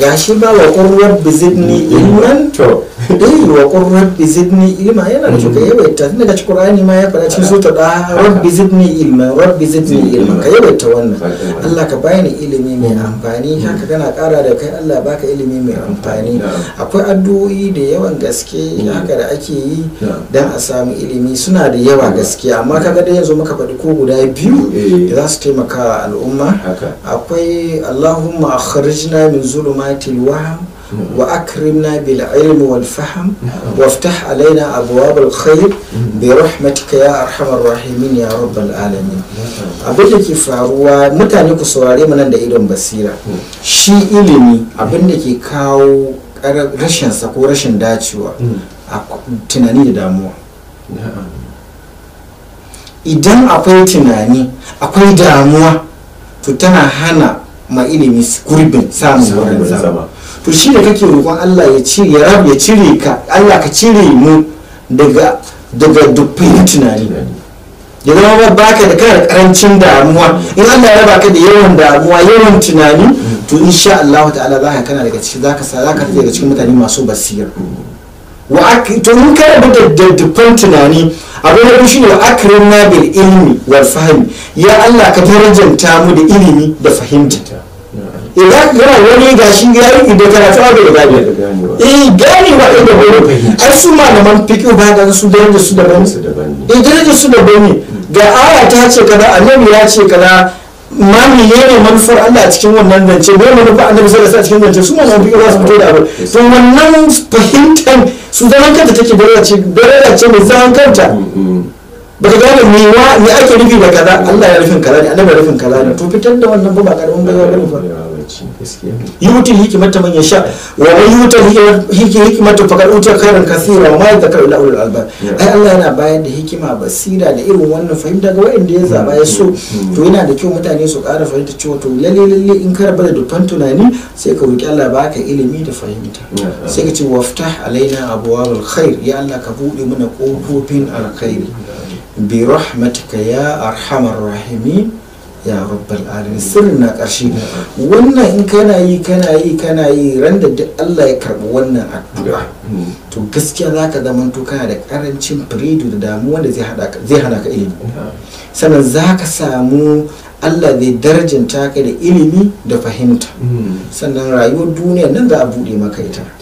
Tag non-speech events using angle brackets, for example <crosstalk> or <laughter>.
gashi ba wa qurrat da zidni mm-hmm. ilman to <laughs> eh wa qurrat da zidni ilma yana da shuka mm-hmm. yawaita tun daga cikin qur'ani ma ya faɗa cikin sura da zidni ilma da zidni ilma mm-hmm. ka yawaita wannan Allah ka bani ilimi mai amfani haka kana ƙara da kai Allah baka ilimi mai amfani akwai addu'o'i da yawan gaske haka da ake yi dan a samu ilimi suna da yawa gaske amma kaga da yanzu muka faɗi ko guda biyu eh. da za su taimaka al'umma akwai Allahumma akhrijna min zulumati ظلمات الوهم وأكرمنا بالعلم والفهم وافتح علينا أبواب الخير برحمتك يا أرحم الراحمين يا رب العالمين abin da ke faruwa mutane ku saurare mu da idon basira shi ilimi abin da ke kawo rashin sa ko rashin dacewa a tunani da damuwa idan akwai tunani akwai damuwa to tana hana ma ilimi kurbin samun wurin zama to shi da kake roƙon Allah ya cire ya rab ya cire ka Allah ka cire mu daga daga dukkan tunani ya zama ba baka da kana karancin damuwa in Allah ya raba ka da yawan damuwa yawan tunani to insha Allah ta'ala za ka kana daga cikin za ka daga cikin mutane masu basira wa to mun kare da dukkan tunani abu na shine wa akrim na bil ilmi wal fahmi ya Allah ka darajanta mu da ilimi da fahimta idan kana wani gashi ya yi da karatu abu da gani eh gani wa ba wani ai su malaman fiqh ba da su darajar su daban eh darajar su daban ne ga aya ta ce kada annabi ya ce kada. ma menene manufar Allah a cikin wannan zance me manufar annabi sallallahu alaihi cikin zance su ma mun za su fito da abu to wannan fahimtar su zama kanta take daraja ce daraja ce mai zama kanta baka gane me wa me ake nufi da kaza Allah ya rufin kaza ne annabi ya rufin kaza ne to fitar da wannan ba ba karamin gaza ne ba lokaci yutil hikimata man sha wa man yutil hikimata faqad utiya khairan kaseera wa ma yadhakkaru illa ulul albab ai Allah yana bayar da hikima basira da irin wannan fahimta ga wanda ya zaba ya so mm, mm, mm. to yana da kyau mutane su ƙara fahimta cewa to lalle lalle in ka rabu da na tunani sai ka roki Allah baka ilimi da fahimta sai ka ce waftah alaina abwabul khair ya Allah ka bude mana kofofin alkhairi bi rahmatika ya arhamar rahimin ya rabbal alamin sirrin na ƙarshe wannan in kana yi kana yi kana yi ran da duk Allah ya karbi wannan addu'a to gaskiya zaka zama to kana da karancin firidu da damuwa da zai hada ka ilimi sannan zaka samu Allah zai darjanta ka da ilimi da fahimta hmm. sannan rayuwar duniya nan za a buɗe maka ita